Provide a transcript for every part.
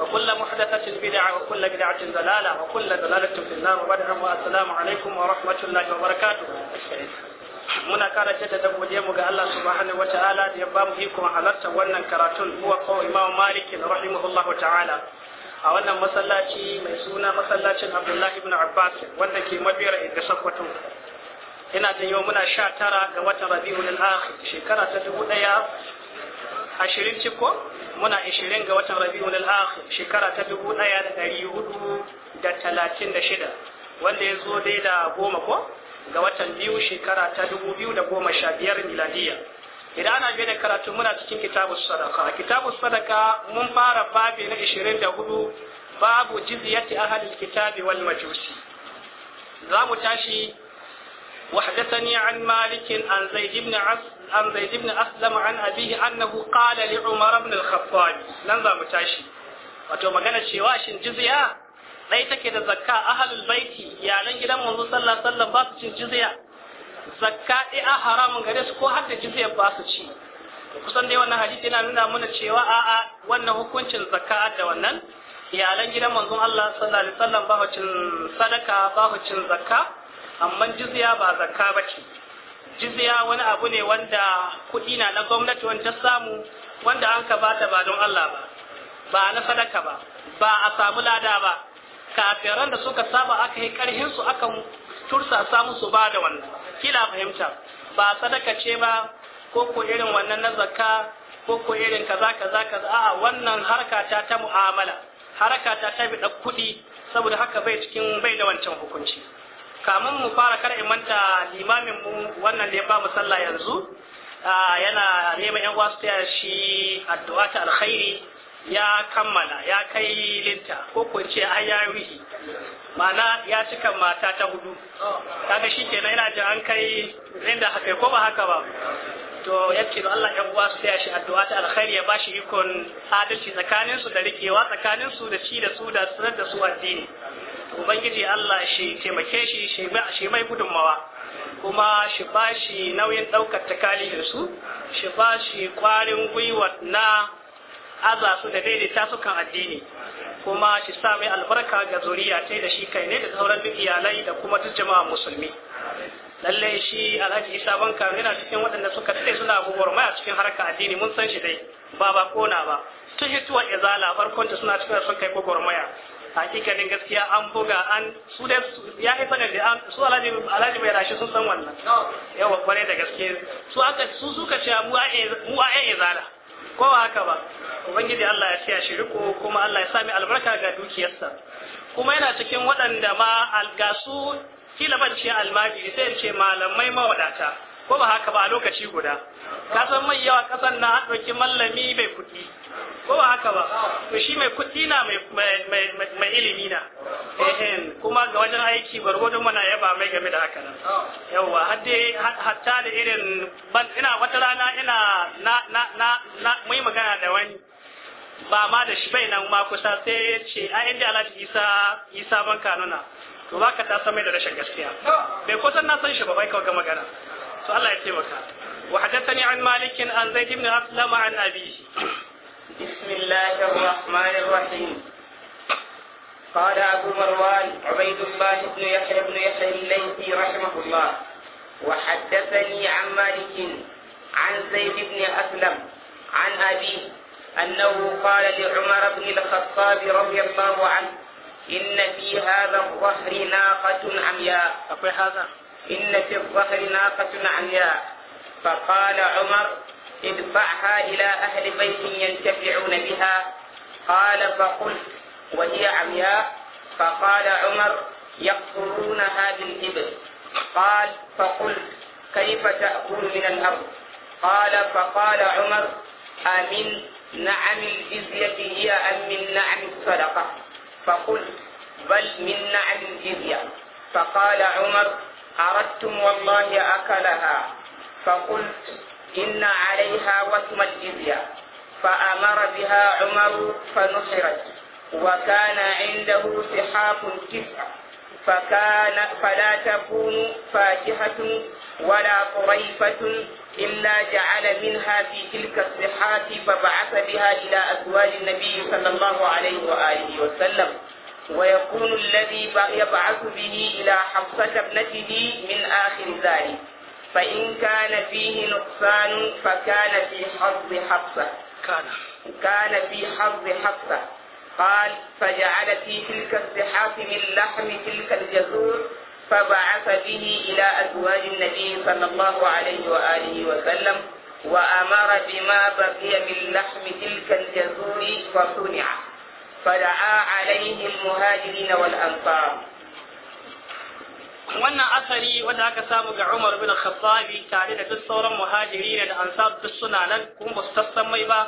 وكل محدثة بدعة وكل بدعة ضلالة وكل ضلالة في النار وبعدها السلام عليكم ورحمة الله وبركاته muna kara ce da godiya mu ga Allah subhanahu wa ta'ala da ya ba mu ikon halarta wannan karatun huwa qawl Imam Malik rahimahullah ta'ala a wannan masallaci mai suna masallacin Abdullah ibn Abbas wanda ke mabiyar Idda Sokoto ina jin yau muna 19 ga watan Rabiul Akhir shekara ta ɗaya. ashirin ciko muna ashirin ga watan Rabi'u al-akhir shekara ta dubu ɗaya da dari hudu da talatin da shida wanda ya zo dai da goma ko ga watan biyu shekara ta dubu biyu da goma sha biyar miladiya idan ana biyar da karatu muna cikin kitabu sadaka kitabu sadaka mun fara babi na ashirin da hudu babu jizyati ahalin kitabi wal majusi za mu tashi وحدثني عن مالك عن زيد بن عن زيد بن أسلم عن أبيه أنه قال لعمر بن الخطاب ننظر متاشي wato magana cewa shin jizya dai take da zakka ahlul baiti iyalan gidan manzo sallallahu alaihi wasallam ba su cin jizya zakka dai a haramun gare su ko har da jizya ba su ci kusan dai wannan hadisi yana nuna mana cewa a a wannan hukuncin zakka da wannan iyalan gidan manzon Allah sallallahu alaihi wasallam ba su cin sadaka ba su cin zakka amma jizya ba zakka ba ce jizya wani abu ne wanda kuɗi na na gwamnati wanda samu wanda an ka bata ba don Allah ba ba na sadaka ba ba a samu lada ba kafiran da suka saba aka yi karhin su aka tursa samu su ba da wannan kila fahimta ba sadaka ce ba ko ko irin wannan na zakka ko ko irin kaza kaza kaza a'a wannan harka ta ta mu'amala harka ta ta bi kuɗi saboda haka bai cikin bai da wancan hukunci kamun mu fara kar manta limamin mu wannan da ya ba mu sallah yanzu yana neman yan wasu taya shi addu'a ta alkhairi ya kammala ya kai linta ko ko ce ayawihi Mana ya cika mata ta hudu kaga shikenan ina jin an kai inda haka ko ba haka ba to yake da Allah ya uwa su taya shi addu'a ta alkhairi ya ba shi ikon adalci tsakanin su da rikewa tsakanin su da shi da su da sanar da su addini ubangiji Allah shi taimake shi shi mai gudunmawa kuma shi ba shi nauyin daukar da su shi shi kwarin gwiwa na aza su da daidaita su addini kuma shi sa mai albarka ga zuriya ta da shi kai ne da sauran duk iyalai da kuma duk jama'a musulmi lalle shi alhaji isa banka yana cikin waɗanda suka tsaye suna abubuwar maya cikin harka addini mun san shi dai ba ba kona ba tun hituwar izala farkon ta suna cikin sun kai maya. Hakika hakikanin gaskiya an buga an su da ya yi sanar da an su alhaji alhaji mai rashi sun san wannan yawa kware da gaske su aka su suka ce e- mu a yan izala ko ba haka ba ubangiji Allah ya tsaya shi riko kuma Allah ya sami albarka ga dukiyarsa kuma yana cikin waɗanda ma algasu kila ban ce almajiri sai ce malamai mawadata ko ba haka ba a lokaci guda kasan mai yawa kasan na haɗoki mallami mai kuɗi ko ba haka ba to shi mai kuɗi na mai ilimi na kuma ga wajen aiki gwargwadon mana yaba mai game da haka nan yawa hatta da irin ban ina wata rana ina na na na na mai magana da wani ba ma da shi bai nan ma kusa sai ya ce a inda alhaji isa isa ban kanuna to ba ka ta samar da rashin gaskiya bai kusan na san shi ba bai kawai ga magana su Allah وحدثني عن مالك عن زيد بن أسلم عن أبيه بسم الله الرحمن الرحيم قال أبو مروان عبيد الله بن يحيى بن يحيى الليثي رحمه الله وحدثني عن مالك عن زيد بن أسلم عن أبيه أنه قال لعمر بن الخطاب رضي الله عنه إن في هذا الظهر ناقة عمياء أقول هذا إن في الظهر ناقة عمياء فقال عمر ادفعها إلى أهل بيت ينتفعون بها قال فقلت وهي عمياء فقال عمر يقتلونها بالإبل قال فقلت كيف تأكل من الأرض قال فقال عمر أمن نعم الجزية هي أم من نعم الصدقة فقلت بل من نعم الجزية فقال عمر أردتم والله أكلها فقلت إن عليها وثم الجزية فأمر بها عمر فنحرت وكان عنده سحاب تسعة فكان فلا تكون فاكهة ولا طريفة إلا جعل منها في تلك الصحات فبعث بها إلى أزواج النبي صلى الله عليه وآله وسلم ويكون الذي يبعث به إلى حفصة ابنته من آخر ذلك فإن كان فيه نقصان فكان في حظ حفصة كان كان في حظ حفصة قال فجعل في تلك الصحاف من لحم تلك الجزور فبعث به إلى أزواج النبي صلى الله عليه وآله وسلم وأمر بما بقي من لحم تلك الجزور فصنع فدعا عليه المهاجرين والأنصار wannan asali wanda aka samu ga Umar bin Khattab tare da duk sauran muhajiri da ansar duk suna nan kuma ba su tassan mai ba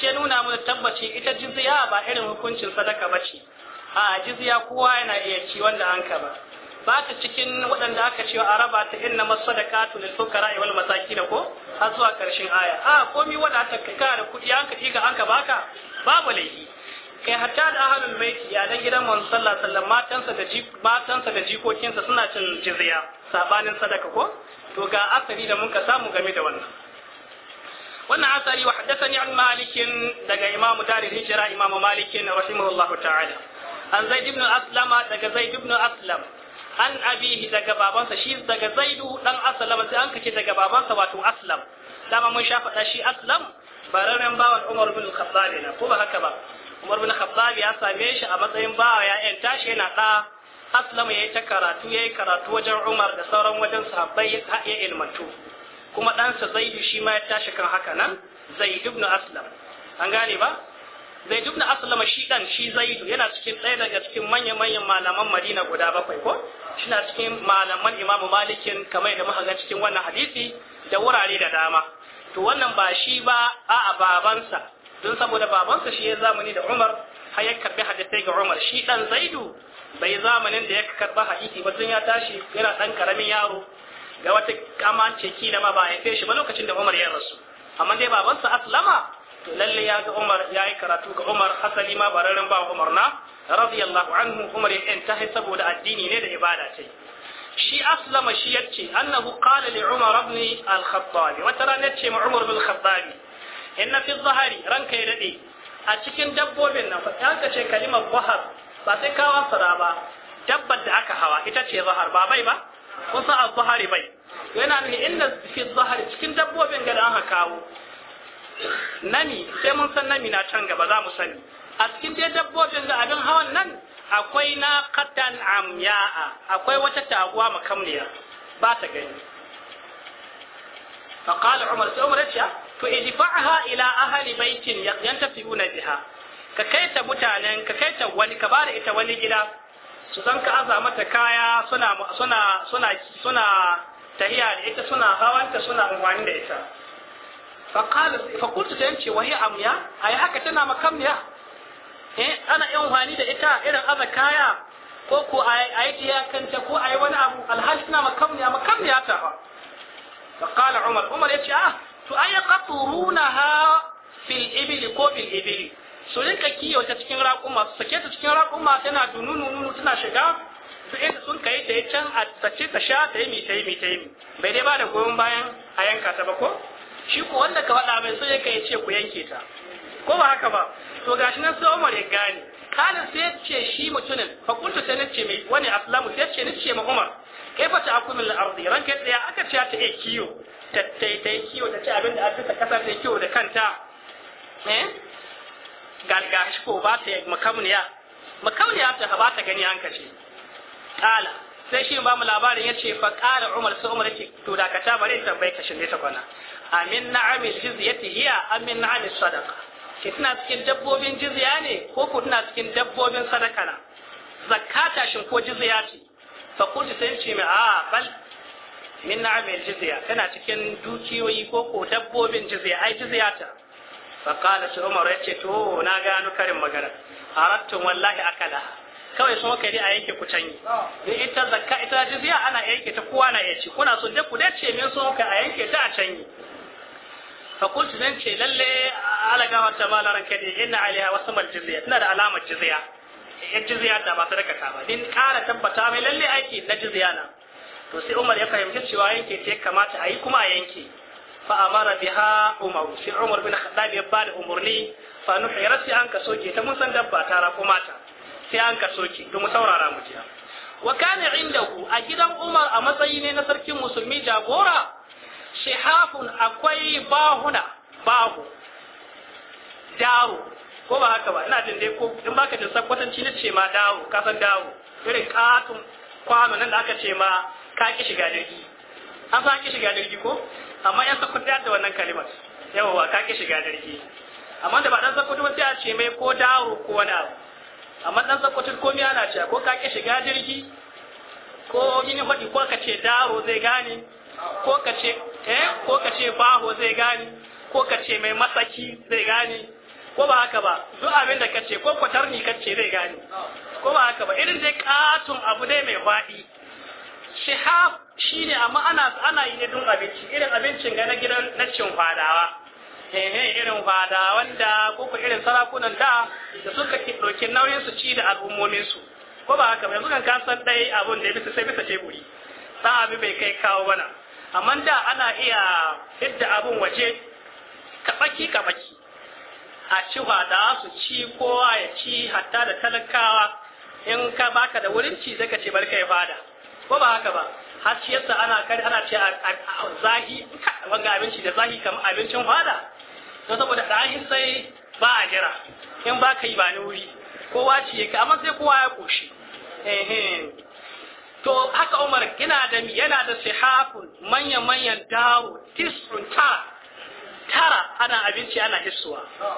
shi nuna mana tabbaci ita jizya ba irin hukuncin sadaka bace a jizya kowa yana iya ci wanda an ka ba ba ta cikin waɗanda aka ce a raba ta inna masadaqatu lil fuqara wal masakin ko har zuwa karshen aya a komi wanda ta kare da kuɗi an ka ga an ka baka babu laifi kai eh, hatta da ahalul baiti iyalan gidan manzo sallallahu alaihi wasallam matansa da matansa da jikokinsa suna cin jizya sabanin sadaka ko to ga asali da muka samu game da wannan wannan asali wa haddathani an malikin daga imam darul hijra imam malikin rahimahullahu ta'ala an zaid ibn aslama daga zaid ibn aslam an abihi daga babansa shi daga zaidu dan aslam sai an kace daga babansa wato aslam dama mun shafa shi aslam bararren bawan umar bin khattab ne ko ba haka ba Umar bin Khattab ya same shi a matsayin ba ya yan tashi yana da Aslam yayi ta karatu yayi karatu wajen Umar da sauran wajen sahabbai ya ilmantu kuma ɗansa Zaidu shi ma ya tashi kan haka nan Zaid ibn Aslam an gane ba Zaid ibn Aslam shi dan shi Zaidu yana cikin ɗaya daga cikin manyan manyan malaman Madina guda bakwai ko na cikin malaman Imam Malikin kamar yadda muka ga cikin wannan hadisi da wurare da dama to wannan ba shi ba a'a babansa don saboda babansa shi ya zamani da Umar har ya karbi hadisai ga Umar shi dan Zaidu bai zamanin da ya karba hadisi ba tun ya tashi yana dan karamin yaro ga wata kamance kila ma ba ya shi ba lokacin da Umar ya rasu amma dai babansa aslama to lalle ya ga Umar ya yi karatu ga Umar asali ma bararin ba Umar na radiyallahu anhu Umar ya enta saboda addini ne da ibada ce shi aslama shi yace annahu qala li Umar ibn al-Khattab wata rana ce ma Umar bin al-Khattab inna fi zahari ranka ya dade a cikin dabbobin nan ka ce kalimar zahar ba sai kawan sara ba dabbar da aka hawa ita ce zahar ba bai ba kusa a zahari bai yana nuni inda fi zahari cikin dabbobin ga da aka kawo nami sai mun san nami na can gaba za mu sani a cikin dai dabbobin da abin hawan nan akwai na qatan amya'a akwai wata taguwa makamniya ba ta gani فقال عمر سي عمر to ijfa'ha ila ahli baitin yantafi'una biha ka kaita mutanen ka kaita wani ka bada ita wani gida su san ka aza mata kaya suna suna suna suna tahiya da ita suna hawanta suna unwani da ita faqala faqultu ta yace wahi amya ai haka tana makamya eh ana yin wani da ita irin aza kaya ko ko ai ai kanta ko ai wani abu alhal tana makamya makamya ta fa faqala umar umar yace ah to ay qaturunaha fil ibli ko fil ibli su rinka kiyo ta cikin raƙuma su sake ta cikin raƙuma tana dununu nunu tana shiga su inda sun kai ta yi can a tace ta sha ta yi mi ta yi mi ta yi bai dai ba da goyon bayan a yanka ta ba ko shi ko wanda ka faɗa mai so ya kai ce ku yanke ta ko ba haka ba to gashi nan sai Umar ya gane kana sai ce shi mutumin fa kuntu sai nace mai wani aslamu sai ce nace ma Umar kai fa ta akumil ardi ranka tsaya aka ce ta e kiyo ta ta yi kiwo ta ci abin da an ta kasa kiwo da kanta eh ko ba ta makamniya makamniya ta ba ta gani an kace kala sai shi ba mu labarin ya ce, fa kala umar sai umar yace to da kata bare ta bai kashin ne ta kwana amin na'amil jizyati hiya amin na'amil sadaqa ke tana cikin dabbobin jizya ne ko ko tana cikin dabbobin sadaka na zakata shin ko jizya ce fa kullu sai ce mai a bal min na'amil jizya tana cikin dukiyoyi ko ko dabbobin jizya ai jizya ta fa qala shi umar yace to na gano karin magana arattum wallahi akala kawai sun kai a yanke ku canyi dan ita zakka ita jizya ana yanke ta kowa na yace kuna so dai ku dace min sun kai a yanke ta a canyi fa kuntu zan ce lalle alaga wata malaran kadi inna alaiha wasmal jizya tana da alamar jizya yan jizya da ba sadaka ta ba din kara tabbata mai lalle aiki na jizya na to sai Umar ya fahimci cewa yanke ta ya kamata a yi kuma a yanke fa amara biha Umar sai Umar bin Khattab ya bada umarni. fa nuhirat sai an ka soke ta mun san dabba ta mata. sai an ka soke domin saurara mu jiya wa kana indahu a gidan Umar a matsayi ne na sarkin musulmi jagora shihafun akwai bahuna bahu daro ko ba haka ba ina jin dai ko in baka jin sakwatanci ne ce ma dawo kasan dawo irin katun kwano nan da aka ce ma ka ki shiga jirgi an sa ki shiga jirgi ko amma yan sakudu da wannan kalimar yawwa ka ki shiga jirgi amma da ba dan sakudu sai a ce mai ko dawo ko wani abu amma dan sakudu ko me ana cewa ko ka ki shiga jirgi ko gini hadi ko ka ce daro zai gane ko ka ce eh ko ka ce baho zai gane ko ka ce mai masaki zai gane ko ba haka ba duk abin da ka ce ko kwatarni ka ce zai gane ko ba haka ba irin dai katon abu dai mai faɗi shihab shine amma ana ana yi ne don abinci irin abincin ga na gidan na cin fadawa eh irin fada wanda koko irin sarakunan da da suka ɗauki nauyin su ci da al'ummomin su ko ba haka ba yanzu kan san dai abun da bisa sai bisa teburi dan abi bai kai kawo bana amma da ana iya idda abun waje kabaki kabaki a ci fada su ci kowa ya ci hatta da talakawa in ka baka da wurin ci zaka ce barka ya fada ko ba haka ba har shi yasa ana kar ana ce a zahi wanga abinci da zahi kamar abincin fada to saboda zahin sai ba a jira in ba ka yi ba ni wuri kowa ci ka amma sai kowa ya koshi to haka Umar yana da yana da sihafun manyan manyan dawo tisrun tara tara ana abinci ana hissuwa oh.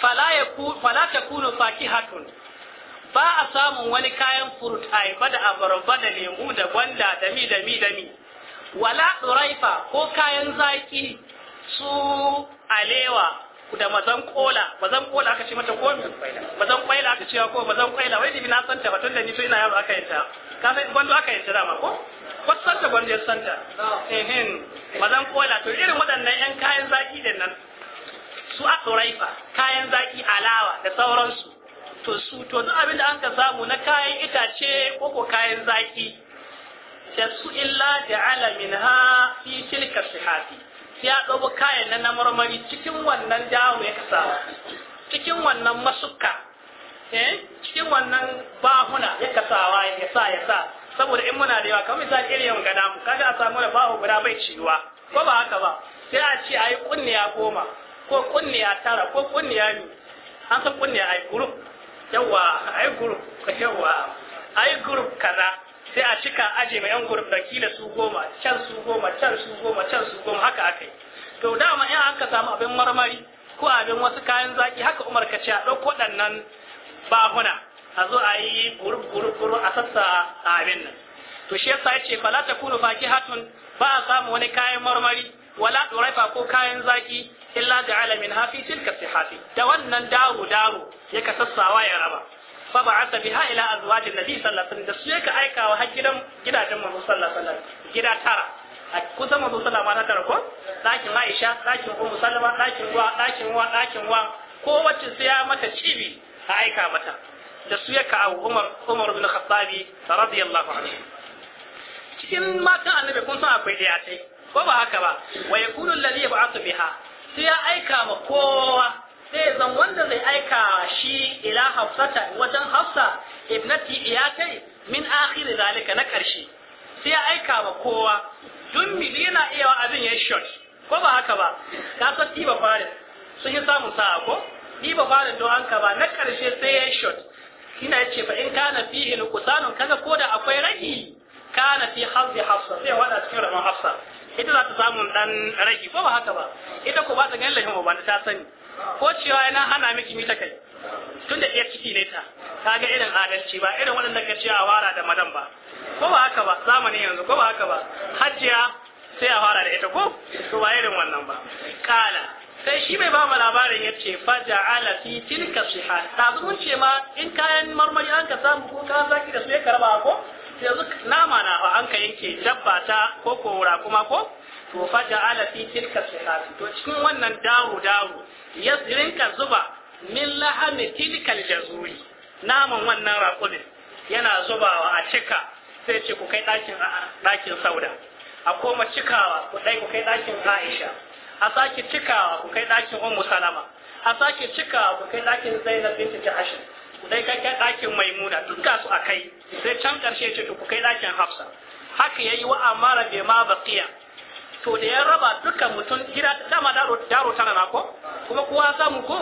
fala yakun fala takunu fakihatun ba a samun wani kayan furut ba da abarba da lemu da gwanda da mi da mi da mi wala duraifa ko kayan zaki su alewa da mazan kola mazan kola aka ce mata komi mazan kwaila aka cewa ko mazan kwaila wai dibi na santa ba tun da ni to ina yaro aka yanta ka san gwanda aka yanta dama ko ko santa gwanda ya santa ehin mazan kola to irin waɗannan yan kayan zaki din nan su a duraifa kayan zaki alawa da sauransu to su to duk abin da an ka samu na kayan itace ko ko kayan zaki da su illa da alamin ha fi tilka sihati ya ɗauko kayan nan na marmari cikin wannan jawo ya kasa cikin wannan masukka eh cikin wannan bahuna ya kasawa ya sa ya sa saboda in muna da yawa kamar misali irin yawan gada mu kaga a samu da bahu guda bai ciwa ko ba haka ba sai a ce ayi kunniya goma ko kunniya tara ko kunniya ni an san kunniya ayi group yawa ai group yawa ai group kaza sai a cika aje mai yan group da kila su goma can su goma can su goma can su goma haka aka yi to dama in an ka samu abin marmari ko abin wasu kayan zaki haka umar ka ce a ɗauko waɗannan bahuna a zo a yi group group group a sassa abin nan to shi yasa yace fala takunu fakihatun ba a samu wani kayan marmari wala duraifa ko kayan zaki illa ja'ala min hafi tilka sihafi da wannan daru daro ya ka sassawa ya raba fa ba'atha biha ila azwajin nabi sallallahu alaihi wasallam da su ya ka aika wa gidan gidajen manzo sallallahu alaihi wasallam gida tara a kusa manzo sallallahu alaihi wasallam ko dakin Aisha dakin Ummu Salama dakin wa dakin wa dakin wa ko wacce sai ya mata cibi a aika mata da su ya kawo Umar Umar bin Khattabi radiyallahu anhu cikin matan annabi kun san akwai daya sai ko ba haka ba wa yakunu alladhi yab'athu biha sai ya aika ma kowa sai zan wanda zai aika shi ila hafsata wajen hafsa ibnati iyatai min akhir zalika na karshe sai ya aika ma kowa dun mili yana iya abin ya shot ko ba haka ba ka san diba farin sun yi samun sa'a ko Diba farin don an ba na karshe sai ya shot ina yace fa in kana fihi nuqsanun kaga koda akwai ragi kana fi hazzi hafsa sai wada cikin rabon hafsa ita za ta samun dan ragi ko ba haka ba ita ko ba ta ganin lahin ba ta sani ko cewa yana hana miki mita kai da iya ciki ne ta ta ga irin adalci ba irin waɗanda ka ce a wara da madan ba ko ba haka ba zamani yanzu ko ba haka ba hajjiya sai a fara da ita ko to ba irin wannan ba kala sai shi mai ba mu labarin ya ce faja ala fi tilka sihat ta ce ma in kayan marmari an ka samu ko ka zaki da su ya karba ko yanzu nama na a an ka yanke dabba ta ko kora kuma ko to fa ja'ala fi tilka sihati to cikin wannan daru daru ya zirinka zuba min lahami tilka jazuri naman wannan raƙumin yana zubawa a cika sai ce ku kai ɗakin dakin sauda a koma cikawa ku dai ku kai ɗakin aisha a sake cikawa ku kai ɗakin ummu salama a sake cikawa ku kai ɗakin zainab binti Jahsh ku kai kai ɗakin maimuna duka su a kai sai can ƙarshe ce ku kai ɗakin hafsa haka yayi wa amara bai ma baqiya to da ya raba duka mutum gida dama daro daro tana na ko kuma kowa samu ko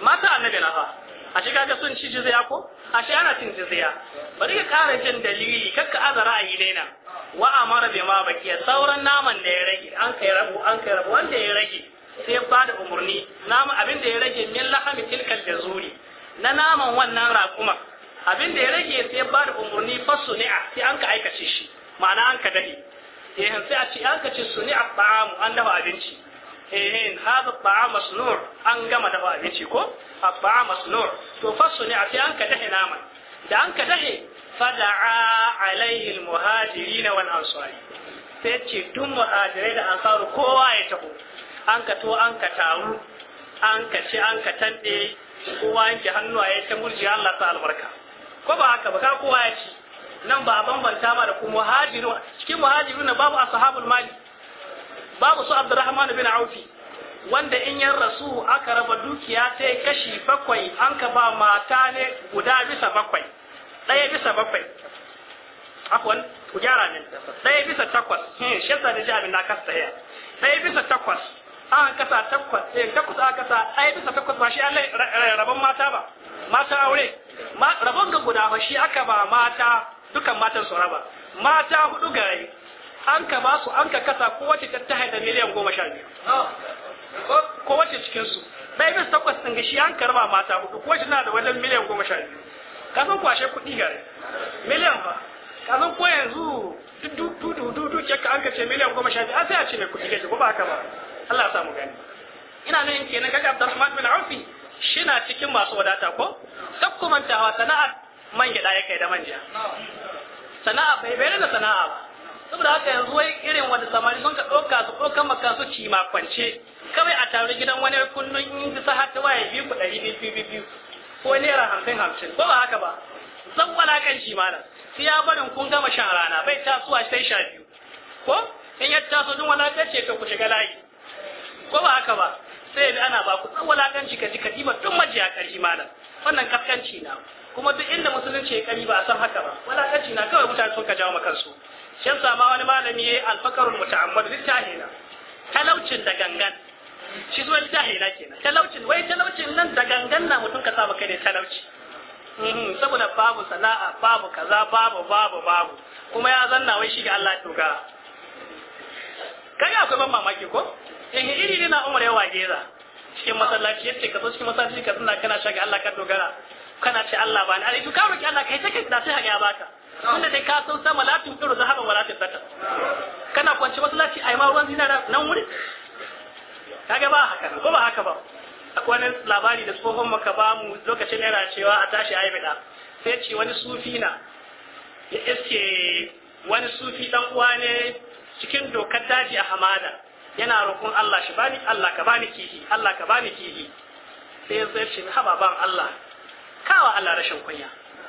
mata annabi na fa a shi ga sun ci jizya ko a shi ana cin jizya bari ka ƙara jin dalili kakka aza ra'ayi daina wa amara bai ma baqiya sauran naman da ya rage an kai rabu an kai rabu wanda ya rage sai ya da umurni nama abin da ya rage min lahami tilkal jazuri na naman wannan raƙumar, abin da ya rage sai ba da umarni fa suni'a sai an ka aikace shi ma'ana an ka dahi eh sai a ce an ka ce suni'a ta'amu an dafa abinci eh hada ta'am masnur an gama dafa abinci ko ta'am masnur to fa suni'a sai an ka dahi naman da an ka dahi da'a alaihi almuhajirin wal ansari sai ce duk muhajirai da ansaru kowa ya taho an ka to an ka taru an ka ci an ka tande kowa yanke hannuwa ya ta murji Allah ta albarka ko ba haka ba ka kowa ya ci nan ba a bambanta ma da kuma muhajiru. cikin muhajiru na babu ashabul mali babu su Abdurrahman bin Aufi wanda in yan rasu aka raba dukiya ta kashi bakwai an ka ba mata ne guda bisa bakwai ɗaya bisa bakwai afwan ku gyara min ɗaya bisa takwas hmm shi yasa da ji abin na kasta ɗaya bisa takwas an kasa takwas eh takwas an kasa ɗaya bisa takwas ba shi Allah rabon mata ba mata aure rabon ga guda ba shi aka ba mata dukan matan su raba mata hudu gari, an ka ba su an ka kasa kowace ta ta haida miliyan goma sha biyu kowace cikin su ɗaya bisa takwas ɗin shi an karba mata hudu kowace na da wajen miliyan goma sha biyu ka san kwashe kuɗi gare miliyan fa ka san ko yanzu duk duk duk duk duk ka an miliyan goma sha biyu an sai a ce mai kuɗi gaji ko ba haka ba Allah ya samu gani ina nan nan kaga Abdurrahman bin Auf na cikin masu wadata ko wa sana'ar man gida ya kai da manja sana'a bai bai da sana'a ba saboda haka yanzu wai irin wanda samari sun ka ɗauka su ɗaukan maka su ci ma kwance kawai a tare gidan wani kullum in ji sa ta waye biyu ku ɗari biyu biyu biyu ko naira hamsin hamsin ko ba haka ba zan kan shi malam sai ya barin kun gama shan rana bai tasowa sai sha biyu ko in ya taso dun walakan ce ka ku shiga layi ko ba haka ba sai ya ana ba ku dan walakanci ka ji ka dima duk majiya karhi malam wannan kaskanci na kuma duk inda musulunci ya kari ba a san haka ba walakanci na kawai mutane sun ka jawo maka su shan sama wani malami yayi alfakarul muta'ammad littahi na talaucin da gangan shi zuwa littahi na kenan talaucin wai talaucin nan da gangan na mutum ka saba kai ne talauci mhm, saboda babu sana'a babu kaza babu babu babu kuma ya zanna wai shi ga Allah doka kai akwai ban mamaki ko Eh, iri ne na umar ya wage cikin masallaci yace ka zo cikin masallaci ka tsina kana shaga Allah ka dogara kana ce Allah ba ni a to ka roki Allah kai take da sai ya baka tunda dai ka san sama latin tun kiro zahaban walatin tata kana kwanci masallaci ai ma ruwan zinara nan wuri kaga ba haka ko ba haka ba akwai wani labari da tsohon maka ba mu lokacin yana cewa a tashi ayi bida sai ce wani sufi na ya iske wani sufi dan uwa ne cikin dokar daji a hamada yana roƙon Allah shi bani Allah ka bani kifi Allah ka bani kifi. sai ya zai shi haba ban Allah kawa Allah rashin kunya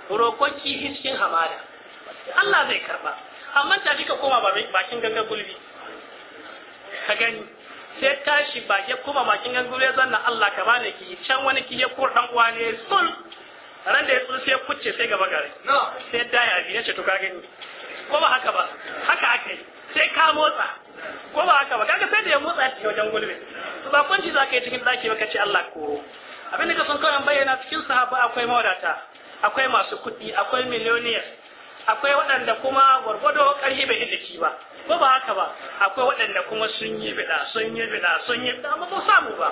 roƙon kifi cikin hamada Allah zai karba amma ta ka koma bakin gangan gulbi ka gani sai tashi ba ya koma bakin gangan gulbi zanna Allah ka bani kifi can wani kihi ko dan uwa ne sul ran da ya tsu sai kucce sai gaba gare sai daya bi ne ce to ka gani ko ba haka ba haka aka yi sai ka motsa ko ba haka ba kaga sai da ya motsa ya wajen gulbe to ba kunci za ka yi cikin daki ba ka ce Allah koro abin da ka san kawai bayyana cikin sahaba akwai mawadata akwai masu kuɗi akwai millionaires akwai waɗanda kuma gwargwado ƙarfi bai jiki ba ko ba haka ba akwai waɗanda kuma sun yi bida sun yi bida sun yi bida amma ba samu ba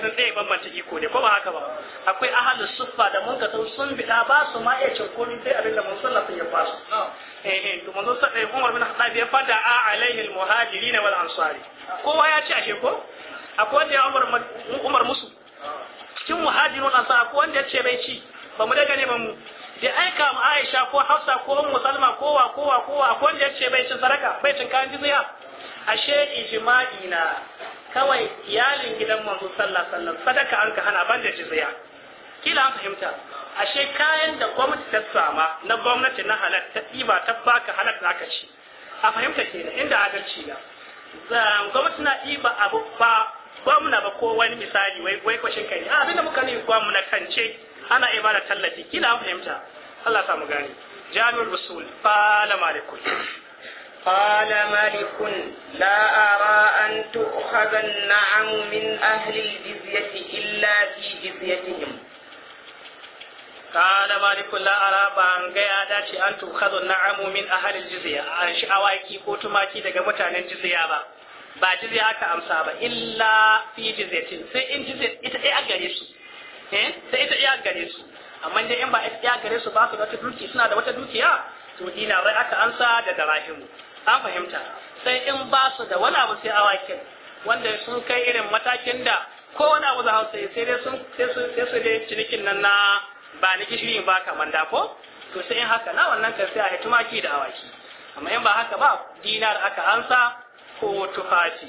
ganin zai bambanta iko ne ko ba haka ba akwai ahalu suffa da mun ka sun bida ba su ma iya cin komai sai abin da mun sun ya ba su eh eh to manzo sai eh, Umar bin Khattab ya fada a alaihi almuhajirin wal ansari kowa ya ci ashe ko akwai wanda ya Umar Umar musu cikin muhajirun ansar akwai wanda ya ce bai ci ba mu daga ne ba mu da aika mu Aisha ko Hafsa ko Ummu Salma ko wa ko wa ko wa akwai wanda ya ce bai ci sadaka bai cin kayan jizya ashe ijma'ina na kawai iyalin gidan manzo sallallahu alaihi wasallam sadaka an ka hana banda jizya kila an fahimta ashe kayan da gwamnati ta sama na gwamnati na ta tsiba ta baka za aka ci a fahimta da inda adalci na gwamnati na tsiba abu ba gwamna ba ko wani misali wai wai kwashin kai a abinda muka ne gwamna kance ana iya bada tallafi kila an fahimta Allah mu gani jami'ul usul fa la malikul قال ملك لا أرى أن تؤخذ النعم من أهل الجزية إلا في جزيتهم قال مالك لا أرى بان أن تؤخذ النعم من أهل الجزية أن شعواكي كوتماكي دقا daga الجزية با ba jizya aka amsa ba illa fi jizyatin sai in jizya ita ɗaya a gare su eh sai ita su amma dai in ba ita ɗaya gare su ba su da wata dukiya suna da wata dukiya to dina rai aka amsa da darahimu an fahimta sai in ba su da wani abu sai awakin wanda sun kai irin matakin da ko wani abu za sai dai sun sai su dai cinikin nan na ba ni gishiri ba ka da ko to sai in haka na wannan kan sai a tumaki da awaki amma in ba haka ba dinar aka ansa ko tufafi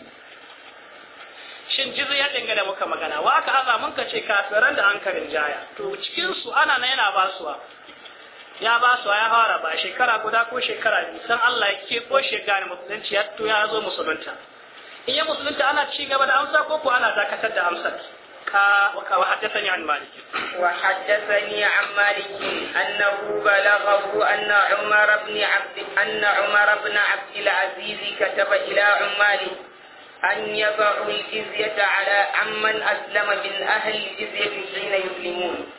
shin ya dinga da muka magana wa aka aza mun ka ce kafiran da an karin jaya to cikin su ana na yana basuwa ya ba su ya fara ba shekara guda ko shekara biyu san Allah ya ke ko shi gane musulunci ya to ya zo musulunta in ya musulunta ana ci gaba da amsa ko ko ana dakatar da amsar وحدثني عن مالك وحدثني عن مالك أنه بلغه أن عمر بن عبد أن عمر بن عبد العزيز كتب إلى عماله أن يضعوا الجزية على عمن أسلم من أهل الجزية حين يسلمون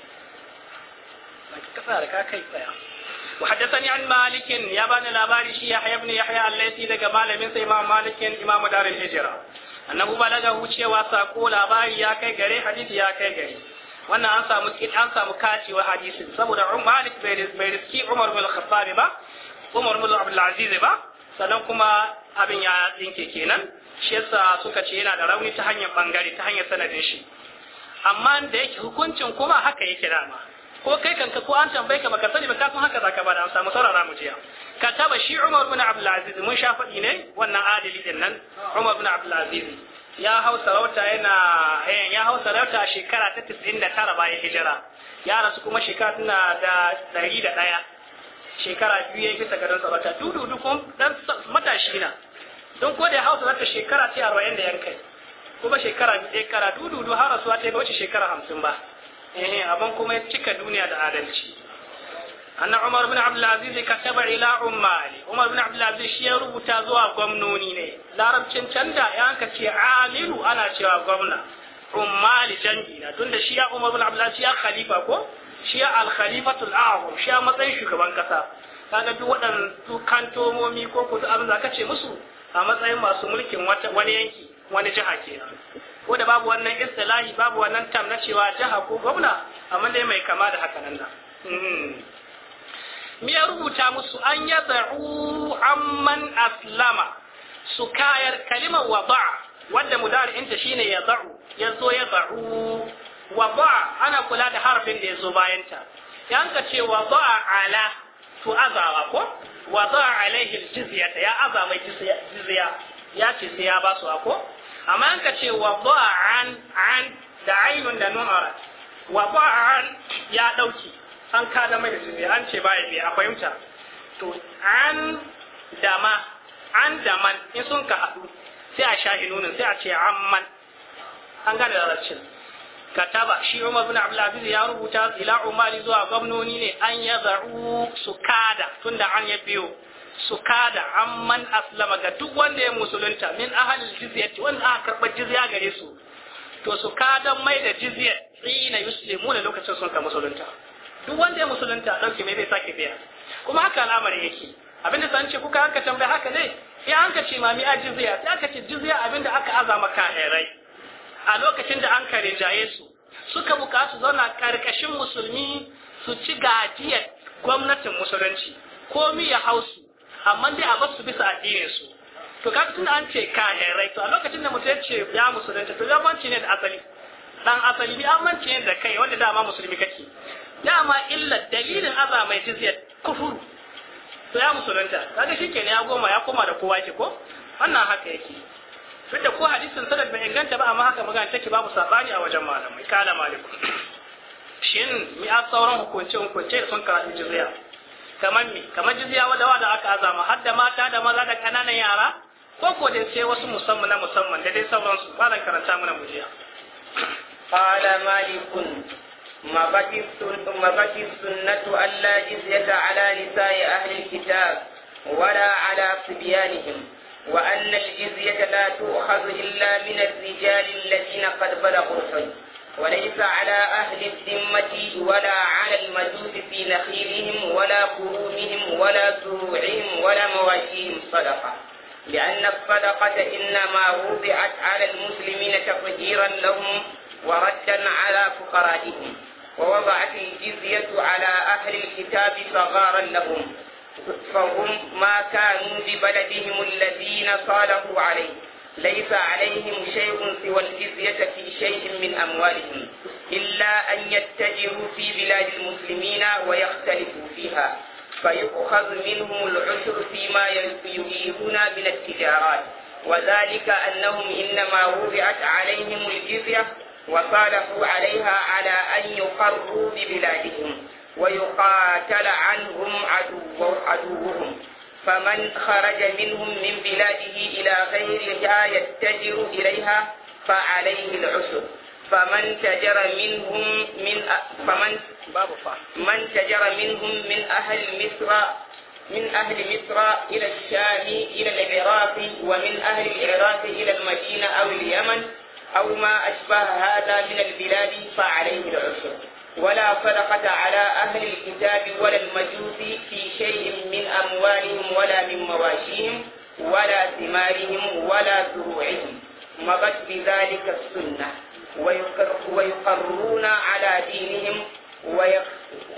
kasa da ka kai tsaya وحدثني عن مالك يا بني لاباري شي يحيى بن يحيى الليثي daga malamin sa imam malik imam dar al-hijra annahu balagahu cewa sako labari ya kai gare hadisi ya kai gare wannan an samu an samu kacewa hadisin saboda malik bai riski umar bin al-khattab ba umar bin abdul ba sannan kuma abin ya dinke kenan shi yasa suka ci yana da rauni ta hanyar bangare ta hanyar sanadin shi amma da yake hukuncin kuma haka yake dama ko kai kanka ko an tambaye ka baka sani ba ka san haka zaka da amsa mu saurara mu jiya ka taba shi Umar bin Abdul Aziz mun sha faɗi ne wannan adali din nan Umar bin Abdul Aziz ya hau sarauta yana eh, ya hau sarauta shekara ta 99 bayan hijira ya rasu kuma shekara tana da 101 shekara biyu ya fita garin sarauta dudu duku dan matashi na don ko da ya hau sarauta shekara ta 40 da yankai kuma shekara biyu karatu dudu har rasuwa ta yi ba wace shekara 50 ba eh abin kuma ya cika duniya da adalci anna umar bin abdulaziz kataba ila ummali umar bin abdulaziz shi ya rubuta zuwa gwamnoni ne larabcin canda ya ka ce amiru ana cewa gwamna ummali jangi na tunda shi ya umar bin shi ya khalifa ko shi ya al a'zam shi ya matsayin shugaban kasa kaga duk waɗannan kantomomi ko kudu abin da ka ce musu a matsayin masu mulkin wani yanki wani jiha kenan ko da babu wannan istilahi babu wannan tam na cewa jaha ko gwamna amma dai mai kama da haka nan mi hmm. ya rubuta musu an ya za'u amman aslama su kayar kalimar wada wadda inta shine ya za'u ya ya za'u wada'a ana kula da harfin da ya zo bayanta ka ce wada'a ala to azawa ko wada'a alaihim jizyata ya azamai jizya ya ce sai ya basu ako amma an ka ce wa an an da ainun da nun arat wa an ya dauki an kada mai da su an ce baya ya a fahimta to an dama an daman in sun ka haɗu sai a shahi nunin sai a ce amman an gane da rashin kataba shi Umar bin Abdulaziz ya rubuta ila umari zuwa gwamnoni ne an ya zaru su kada tunda an ya biyo su kada amman aslama ga duk wanda ya musulunta min ahalil jizyati wanda aka karba jizya gare su to su kada mai da jizya tsina yuslimu na lokacin sun ka musulunta duk wanda ya musulunta dauke mai zai sake biya kuma haka al'amari yake abinda san ce kuka hanka tambaya haka ne Ya an ka ma mi a jizya sai aka ce jizya abinda aka azama herai. a lokacin da an kare jaye su suka bukatu zauna karkashin musulmi su ci gajiyar gwamnatin musulunci komi ya hausu amma dai a basu bisa addinin su to ka tun an ce kahirai to a lokacin da mutum ya ce ya musulunta to yawanci ne da asali dan asali bi amince ne da kai wanda dama musulmi kake dama illa dalilin aza mai jizya kufuru to ya musulunta kaga shikenan ya goma ya koma da kowa ke ko wannan haka yake duk da ko hadisin sanad bai inganta ba amma haka magana take babu sabani a wajen malamai kala malikum shin mi a sauran hukunce hukunce da sun karatu jizya kamar me kamar jizya wadda aka azama har da mata da maza da kananan yara ko ko sai wasu musamman na musamman da dai sauransu fara karanta mana mu jiya fala malikun mabaki sunnatu allah jizyata ala nisa'i ahli kitab wala ala sibyanihim wa anna al-jizyata la tu'khadhu illa min ar-rijali alladhina qad balaghu al-hayy وليس على أهل الذمة ولا على المجوس في نخيلهم ولا قرونهم ولا زروعهم ولا مواشيهم صدقة لأن الصدقة إنما وضعت على المسلمين تطهيرا لهم وردا على فقرائهم ووضعت الجزية على أهل الكتاب صغارا لهم فهم ما كانوا ببلدهم الذين صالحوا عليه ليس عليهم شيء سوى الجزية في شيء من أموالهم إلا أن يتجروا في بلاد المسلمين ويختلفوا فيها فيؤخذ منهم العشر فيما يلهون من التجارات وذلك أنهم إنما وضعت عليهم الجزية وصالحوا عليها على أن يقروا ببلادهم ويقاتل عنهم عدو عدوهم فمن خرج منهم من بلاده إلى غيرها يتجر إليها فعليه العسر فمن تجر منهم من فمن من تجر منهم من أهل مصر من أهل مصر إلى الشام إلى العراق ومن أهل العراق إلى المدينة أو اليمن أو ما أشبه هذا من البلاد فعليه العسر ولا صدقة على أهل الكتاب ولا المجوس في شيء من أموالهم ولا من مواشيهم ولا ثمارهم ولا زروعهم مضت بذلك السنة ويقرون على دينهم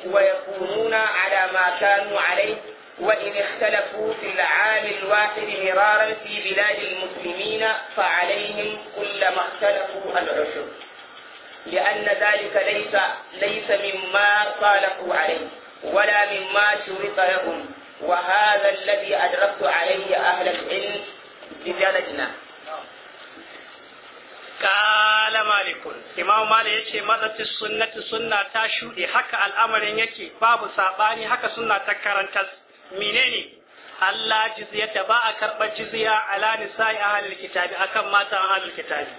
ويكونون على ما كانوا عليه وإن اختلفوا في العام الواحد مرارا في بلاد المسلمين فعليهم كلما اختلفوا العشر لأن ذلك ليس ليس مما صالحوا عليه ولا مما شرط لهم وهذا الذي أدركت عليه أهل العلم بجلدنا kala malikun imam malik ya ce matsatsi sunnati sunna ta shuɗe haka al'amarin yake babu saɓani haka suna ta karanta menene Allah jizya ta ba a karɓar jizya ala nisa'i ahlul kitabi akan mata ahlul kitabi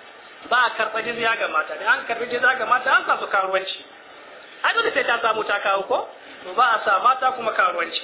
ba a karɓa jizya ga mata da an karɓi jizya ga mata an samu karuwanci a dole sai ta samu ta kawo ko ba a sa mata kuma karuwanci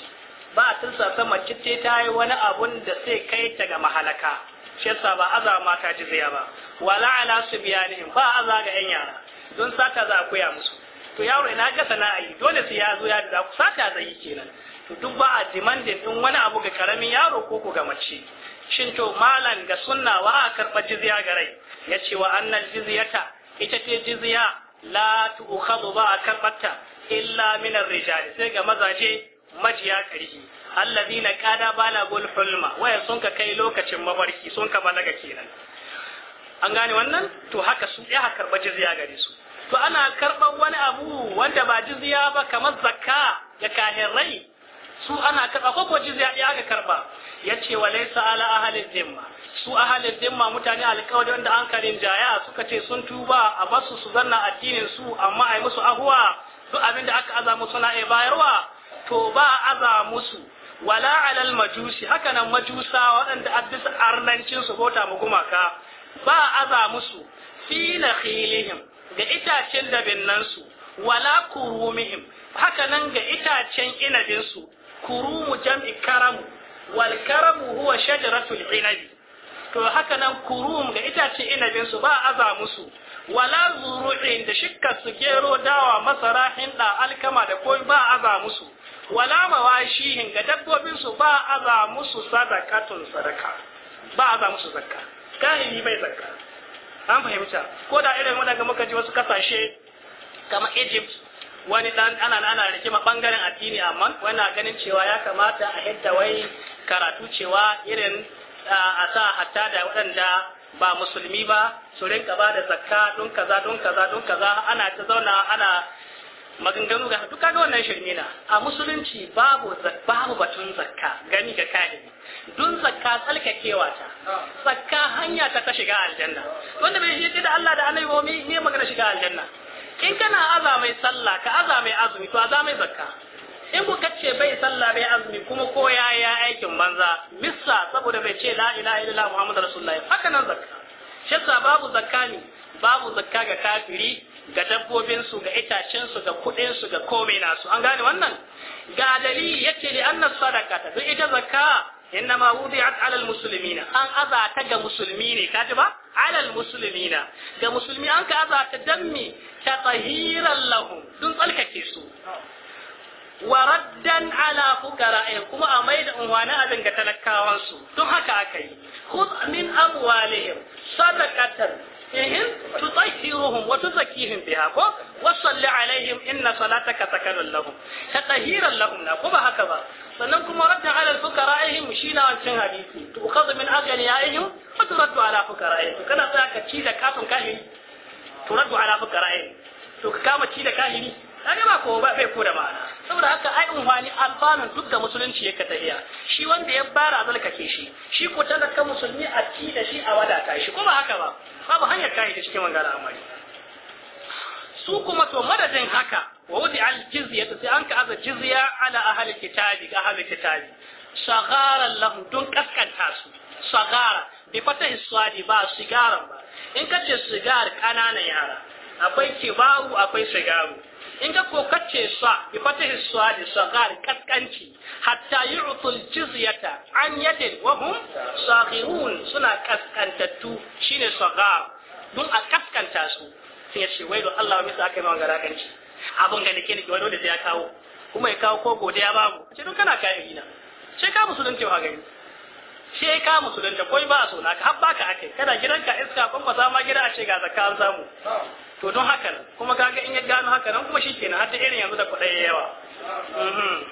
ba a tilsa sama mace ta yi wani abun da sai kai ta ga mahalaka shi yasa ba a mata jizya ba wala ala subyanihim ba aza ga yan yara don sata za a koya musu to yaro ina ga sana'a dole sai ya zo ya da ku sata zai yi kenan to duk ba a demanding din wani abu ga karamin yaro ko ko ga mace shin to malam ga sunna wa a karɓar jizya ga rai ya ce wa annal jizyata ita ce jizya la tu'khadhu ba a karbatta illa min ar-rijal sai ga mazaje majiya karhi allazina qada gul hulma waya sun ka kai lokacin mabarki sun ka balaga kenan an gane wannan to haka su ya karba jizya gare su to ana karban wani abu wanda ba jizya ba kamar zakka da kahin rai su ana karba ko ko jizya ya aka karba yace wa laysa ala ahli dimma su ahli dimma mutane alƙawari wanda an karin jaya suka ce sun tuba a basu su zanna addinin su amma ai musu ahuwa? duk abin da aka azamu suna iya bayarwa to ba aza musu wala alal majusi haka nan majusa waɗanda addisa arnancin su bota mu gumaka ba aza musu fi nakhilihim ga itacen dabinnansu wala kurumihim haka nan ga itacen inabinsu mu jam'i karamu wal karamu huwa shajaratul inabi to haka nan kurum ga itace inabin su ba aza musu wala zuru'in da shikka su gero dawa masara hinda alkama da koi ba aza musu wala mawashihin ga dabbobin su ba aza musu sadakatun sadaka ba aza musu zakka kahiri bai zakka an fahimta ko da irin wanda muka ji wasu kasashe kamar Egypt wani dan ana ana rikima bangaren addini amma wannan ganin cewa ya kamata a hidda wai karatu cewa irin a sa hatta da waɗanda ba musulmi ba su rinka ba da zakka don kaza don kaza don kaza ana ta zauna ana maganganu ga duka da wannan shirme na a musulunci babu babu batun zakka gani ga kai dun zakka tsalkakewa ta zakka hanya ta ta shiga aljanna wanda bai yi da Allah da annabi ne magana shiga aljanna in kana azamai sallah ka azamai azumi to azamai zakka in ku kace bai sallah bai azumi kuma ko ya aikin banza Misa saboda bai ce la ilaha illallah muhammadu rasulullah haka nan zakka shi babu zakka ne babu zakka ga kafiri ga dabbobinsu ga itacensu ga kuɗinsu ga komai nasu an gane wannan ga dalili yace li anna ta duk ita zakka innama wudi'at 'ala al-muslimina an azata ga musulmi ne kaji ba alal muslimina ga musulmi an ka aza ta dammi ta tahiran lahu dun tsalkake su wa raddan ala fuqara'ihim kuma a mai da unwana abin ga talakawan su don haka aka yi khudh min amwalihim sadaqatan ihim tutahhiruhum wa tuzakkihim biha ko wa salli alaihim inna salataka sakanun lahum tatahiran lahum na kuma haka ba sannan kuma radda ala fuqara'ihim shi na wancan hadisi to kaza min ya aghniya'ihim wa turaddu ala fuqara'ihim to kana tsaya ka ci da katon kahiri turaddu ala fuqara'ihim to ka kama ci da kahiri kaga ba ko bai ko da ma'ana saboda haka ai unwani alfanun duk da musulunci yake tafiya shi wanda ya bara zalka ke shi shi ko talaka musulmi a ci da shi a wadata shi ko ba haka ba babu hanyar kai da cikin wannan al'amari su kuma to madadin haka wa wudi al jizya sai an ka aza jizya ala ahli kitabi ga ahli kitabi shagara lahum don kaskanta su shagara bi fata hiswadi ba sigaran ba in ka ce sigar ƙananan yara akwai kibaru akwai sigaru in ka ko kace sa bi fata hiswadi shagara kaskanci hatta al jizyata an yadin wa hum suna kaskantattu shine shagara dun a kaskanta su sai ya ce wai don Allah mai aka yi mawa garaganci abin ga nake nake wani wanda sai ya kawo kuma ya kawo ko godiya babu ce don kana kayan ina ce ka musulunta wa gani ce ka musulunta koi ba a so naka har baka akai kana gidanka iska kun ba ma gida a ce ga zakka an samu to don haka kuma kaga in ya gano haka nan kuma shikenan har da irin yanzu da kuɗai yawa mhm.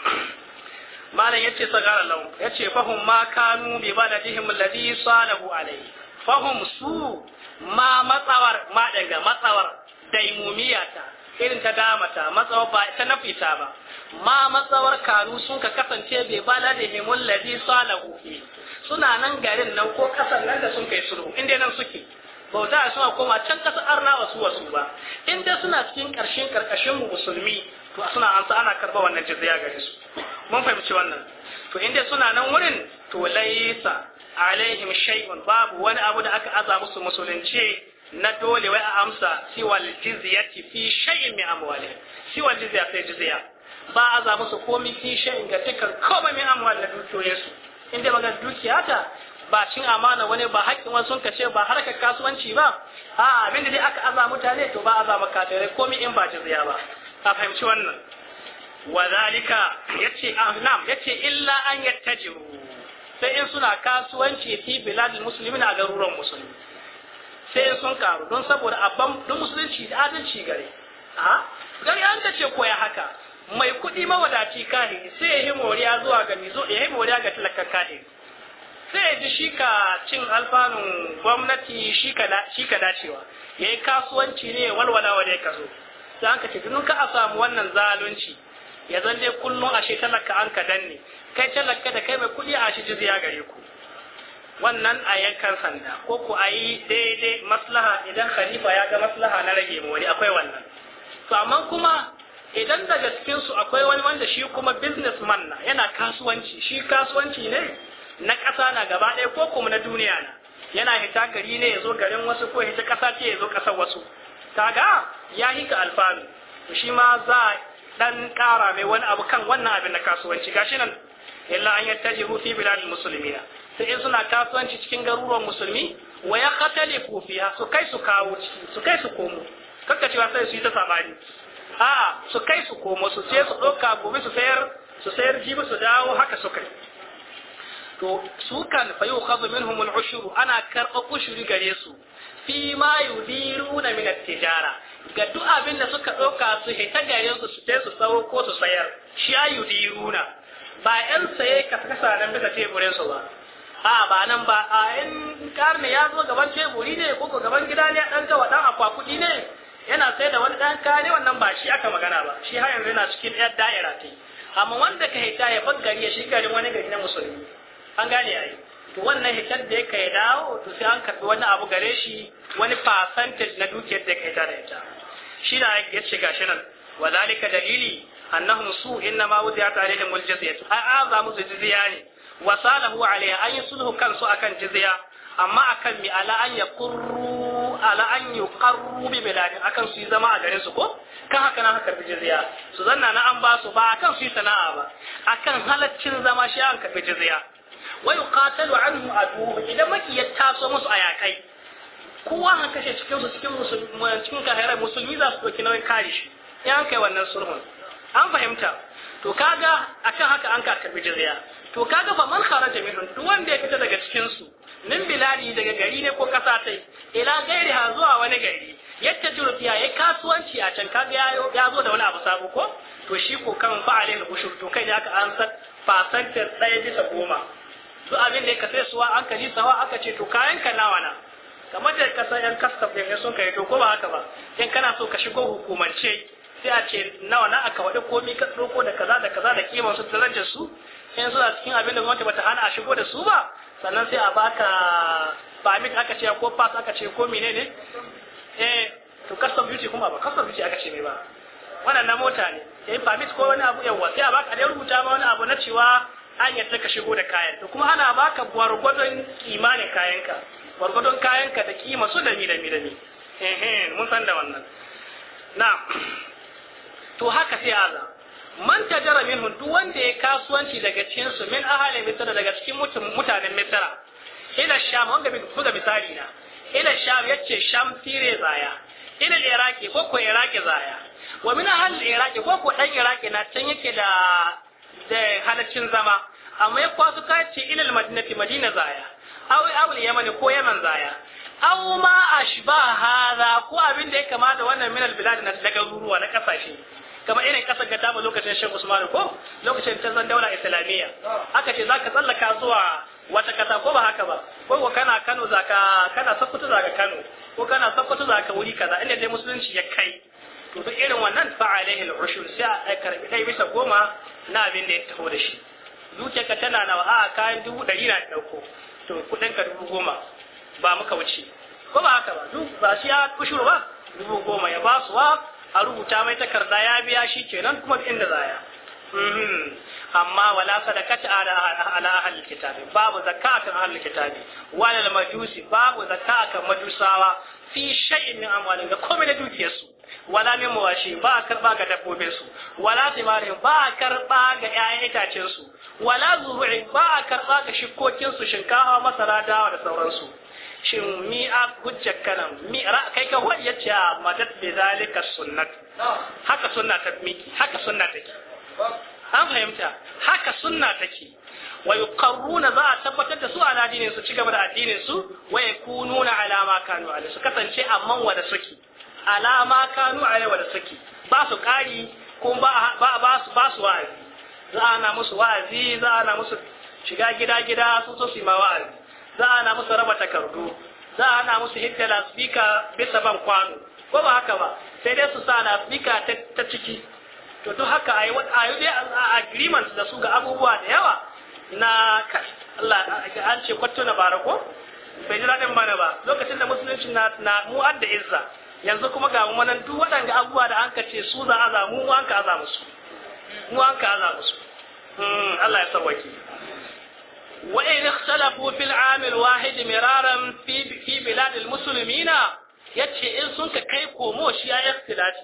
malam yace sagara lawo yace fahum ma kanu bi baladihim alladhi salahu alayhi fahum su ma matsawar ma daga matsawar daimumiyata irin ta damata matsawar ba ta nafita ba ma matsawar kanu sun ka kasance bai bala da himun ladi salahu suna nan garin nan ko kasar nan da sun kai sulhu inda nan suke bauta suna koma can kasar arna wasu wasu ba inda suna cikin karshen karkashin musulmi to suna an sa ana karba wannan jizya gare su mun fahimci wannan to inda suna nan wurin to laisa alaihim shay'un babu wani abu da aka aza musu musulunci na dole wai a amsa siwal jizyati fi shay'in min amwalihim siwal jizya sai jizya ba aza musu komai fi shay'in ga dukkan komai min amwal na dukiyoyinsu in dai magana dukiya ta ba cin amana wani ba haƙƙin wasu sun ce ba harkar kasuwanci ba a abin da dai aka aza mutane to ba aza maka tare komai in ba jizya ba a fahimci wannan wa zalika yace ah, na'am yace illa an yattajiru sai in suna kasuwanci fi biladil muslimin a garuruwan musulmi sai in sun karu don saboda abban don musulunci da adalci gare a gari an ta ce koya haka mai kuɗi mawadaci kahiri sai ya yi moriya zuwa ga mizo ya yi moriya ga talakar kahi sai ya ji shi ka cin alfanun gwamnati shi ka dacewa ya yi kasuwanci ne walwala wa ka zo. sai an ka ce ka a samu wannan zalunci ya zan dai kullum ashe talaka an ka danne kai talaka da kai mai kuɗi a shi jizya gare ku wannan a yankan sanda ko ku a yi daidai maslaha idan khalifa ya ga maslaha na rage mu wani akwai wannan to amma kuma idan daga su akwai wani wanda shi kuma businessman na yana kasuwanci shi kasuwanci ne na kasa na gaba ɗaya ko kuma na duniya na yana hita gari ne ya zo garin wasu ko hita ƙasa ce ya zo ƙasar wasu kaga ya hika alfanu shi ma za dan kara mai wani abu kan wannan abin na kasuwanci gashi nan illa an yattajiru fi bilal na sai in suna kasuwanci cikin garuruwan musulmi wa ya khatalifu fiha su kai su kawo ciki su kai su komo kakka cewa sai su yi ta sabani a'a su kai su komo su ce su doka gobe su sayar su sayar jibi su dawo haka su kai to su kan fa yukhadhu minhum al-ushur ana karba ushuri gare su fi ma yudiruna min at-tijara ga duk abin da suka ɗauka su heta garinsu su su su tsawo ko su sayar shi ayu diruna ba yan saye ka kasa nan bisa teburinsu ba a ba nan ba a in karne ya zo gaban teburi ne ko gaban gida ne dan gawa ɗan akwa kudi ne yana sai da wani dan kare wannan ba shi aka magana ba shi har yanzu yana cikin yar da'ira ta amma wanda ka hita ya bar gari ya shi garin wani gari na musulmi an gane yayi to wannan hitar da yake ya dawo to sai an karbi wani abu gare shi wani percentage na dukiyar da yake da ita shi na ya ce gashi nan wa zalika dalili annahum su inna ma wudi'at alaihim aljizya a a za musu jizya ne wa salahu alaiha an yi sulhu kansu akan jizya amma akan mi ala an yakurru ala an yuqarru bi bilani akan su yi zama a garin su ko kan haka na karbi jizya su zanna na an ba su ba akan su yi sana'a ba akan halaccin zama shi an karbi jizya ويقاتل عنه anhu aduhum idan makiyar taso masu ayakai kowa kashe cikin cikin musulmi cikin kahirar musulmi za su dauki nauyin kare wannan sulhun an fahimta to kaga akan haka an ka karbi jirya to kaga fa man kharaja minhum to wanda ya daga cikin su min biladi daga gari ne ko kasa tai ila gairi ha zuwa wani gari yadda jurfiya ya kasuwanci a can kaga ya zo da wani abu sabo ko to shi ko kan fa'alin ushur to kai ne aka ansa fasantar ɗaya bisa goma su abin da ka kasai suwa an ka ji sawa aka ce to kayan ka nawa na kamar da ka san yan kastam da sun kai to ko ba haka ba in kana so ka shigo hukumance sai a ce nawa na aka wadi komai ka tsoko da kaza da kaza da kimar su darajar su in a cikin abin da gwamnati bata hana a shigo da su ba sannan sai a baka permit aka ce ko pass aka ce ko menene eh to custom duty kuma ba custom duty aka ce me ba wannan na mota ne yayin permit ko wani abu yawa sai a baka da rubuta ma wani abu na cewa hanyar ta ka shigo da kayan to kuma ana baka gwargwadon kimanin kayanka gwargwadon kayanka da kima su da mi da mi mun san da wannan na to haka sai aza man tajara minhu duk wanda ya kasuwanci daga cikin su min ahali misra daga cikin mutanen misra ila sham wanda buga misali na ila sham yace sham tire zaya ila iraki ko ko iraki zaya wa min ahli iraki ko ko dan iraki na can yake da Eh, halaccin zama amma ya kwasu ce ilal madinati madina zaya aw aw yaman ko yaman zaya aw ma ashba hada ko abin da ya kama da wannan minal bilad na daga ruwa na kasashe kamar irin kasar ga dama lokacin Sheikh Usman ko lokacin zan daula islamiyya aka ce zaka tsallaka zuwa wata kasa ko ba haka ba ko kana Kano zaka kana Sokoto zaka Kano ko kana Sokoto zaka wuri kaza inda dai musulunci ya kai to duk irin wannan fa alaihi al-ushur sai a karbi dai bisa goma na abin da ya taho da shi ka tana nawa a kayan dubu ɗari na ɗauko to kuɗin ka dubu goma ba muka wuce ko ba haka ba ba shi ya kushuru ba dubu goma ya ba su wa a rubuta mai takarda ya biya shi kenan kuma inda zaya mhm. amma wala sadakata ala ahlil kitabi babu zakatun ahlil kitabi wala majusi babu zakatun majusawa fi shay'in min amwalin ga komai da dukiyarsu wala min mawashi ba a karba ga dabbobin su wala timarin ba a karba ga ƴaƴan itacen su wala zuru'in ba a karba ga shikokin su shinkafa masara dawa da sauransu shin mi a hujjar kalam mi ra kai ka wajja ce a madad bi zalika sunnat haka sunna ta miki haka sunna take an fahimta haka sunna take wa yuqarruna za a tabbatar da su ala addinin su cigaba da addinin su wa yakununa ala ma kanu alai su kasance amman wa da suke alama kanu a yawa da saki. ba su kari ko ba su wa'azi za a na musu wa'azi za a na musu shiga gida gida sun so su ma wa'azi za a na musu raba takardu za a na musu hidda laspika bisa ban kwano ko ba haka ba sai dai su sa laspika ta ciki to duk haka a yi agreement da su ga abubuwa da yawa na Allah an ce kwato na bara bai ji daɗin bana ba lokacin da musulunci na mu'adda izza yanzu kuma ga mu nan duk waɗanda abubuwa da an ce su za a zamu mu an ka aza musu mu an ka aza musu hmm, Allah ya sauwaki wa in ikhtalafu fil amil wahid miraran fi fi bilad al muslimina yace in sun ka kai komo shi ya ikhtilafi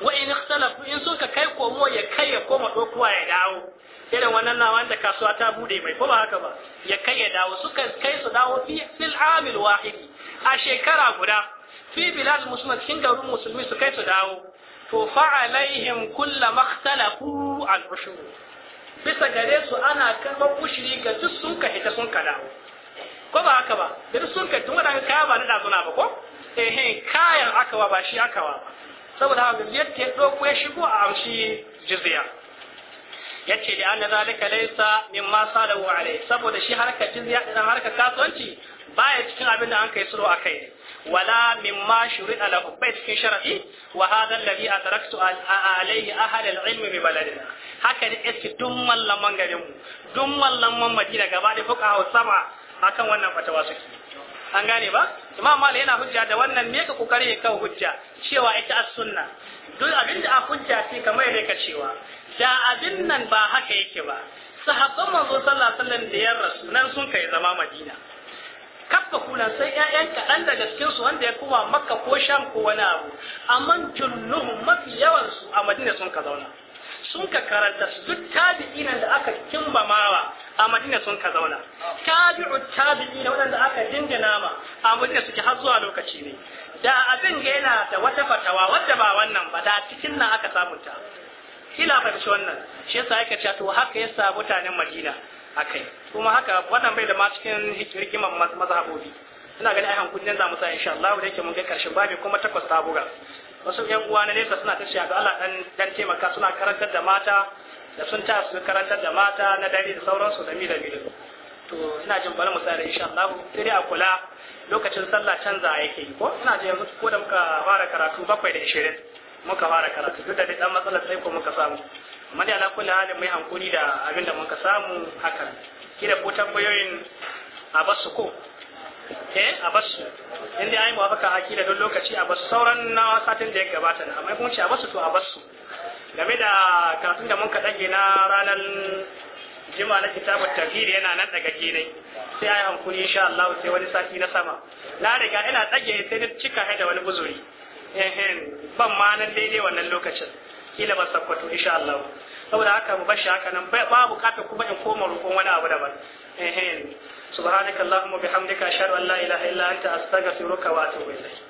wa in ikhtalafu in sun ka kai komo ya kai ya koma dokuwa ya dawo irin wannan na wanda kasuwa ta bude mai ko ba haka ba ya kai ya dawo suka kai su dawo fi fil amil wahid a shekara guda fi bilal musulmi cikin garin musulmi su kai su dawo to fa alaihim kulla makhtalafu al ushur bisa gare su ana karɓar ushiri ga duk sun ka hita sun ka dawo ko ba haka ba da duk sun ka tun wadanda kaya ba na dazuna ba ko eh kayan akawa ba shi akawa ba saboda haka yadda ya ɗauko ya shigo a amshi jizya yace da anna zalika laysa mimma salahu alayhi saboda shi harkar jizya din harkar kasuwanci baya cikin abin da an kai sulhu akai wala mimma shurida lahu bai cikin sharadi wa hadha alladhi ataraktu alayhi a al-ilm bi baladina haka ne iske duk mallaman garin mu duk madina gaba da fuka sama akan wannan fatawa suke an gane ba imam malik yana hujja da wannan me ka kokari ka hujja cewa ita as duk abinda a hujja ce kamar yadda cewa da abin nan ba haka yake ba sahabban manzo sallallahu alaihi da yar rasu nan sun kai zama madina kafa kula sai ƴaƴan kaɗan daga cikin su wanda ya kuma makka ko sham ko wani abu amma jullum mafi yawan su a madina sun ka zauna sun ka karanta su duk tabi'ina da aka mawa a madina sun ka zauna tabi'u tabi'ina waɗanda aka dingina ma a madina suke har zuwa lokaci ne da abin ga yana da wata fatawa wadda ba wannan ba da cikin nan aka samunta kila fahimci wannan shi yasa yake cewa to haka yasa mutanen madina akai kuma haka wannan bai da ma cikin hikimar mazhabobi ina ganin ai hankulin za mu sa insha Allah da yake mun ga karshen babu kuma takwas ta buga wasu ƴan uwa na nesa suna ta shiga ga Allah dan dan taimaka suna karantar da mata da sun ta su karantar da mata na dare da sauransu da mi da mi to ina jin bari mu sa da insha Allah sai dai a kula lokacin sallah canza yake ko ina ji yanzu ko da muka fara karatu bakwai da 20 muka fara karatu duk da dai dan matsalar sai ko muka samu amma na ala kulli halin mai hankuri da abin da muka samu hakan kira ko tambayoyin a basu ko eh a basu in ai mu baka da don lokaci a basu sauran na satin da ya gabata na amma kun ce a basu to a basu game da karatun da muka dage na ranar jima na kitabun tafsir yana nan daga gine sai ai hankuri insha Allah sai wani sati na sama na riga ina dage sai na cika da wani buzuri eh ban ma nan daidai wannan lokacin kila ba sakwato insha Allah saboda haka mu bashi haka nan ba bukata kuma in koma rukun wani abu daban eh eh subhanakallahumma bihamdika ashhadu an la ilaha illa anta astaghfiruka wa atubu ilayk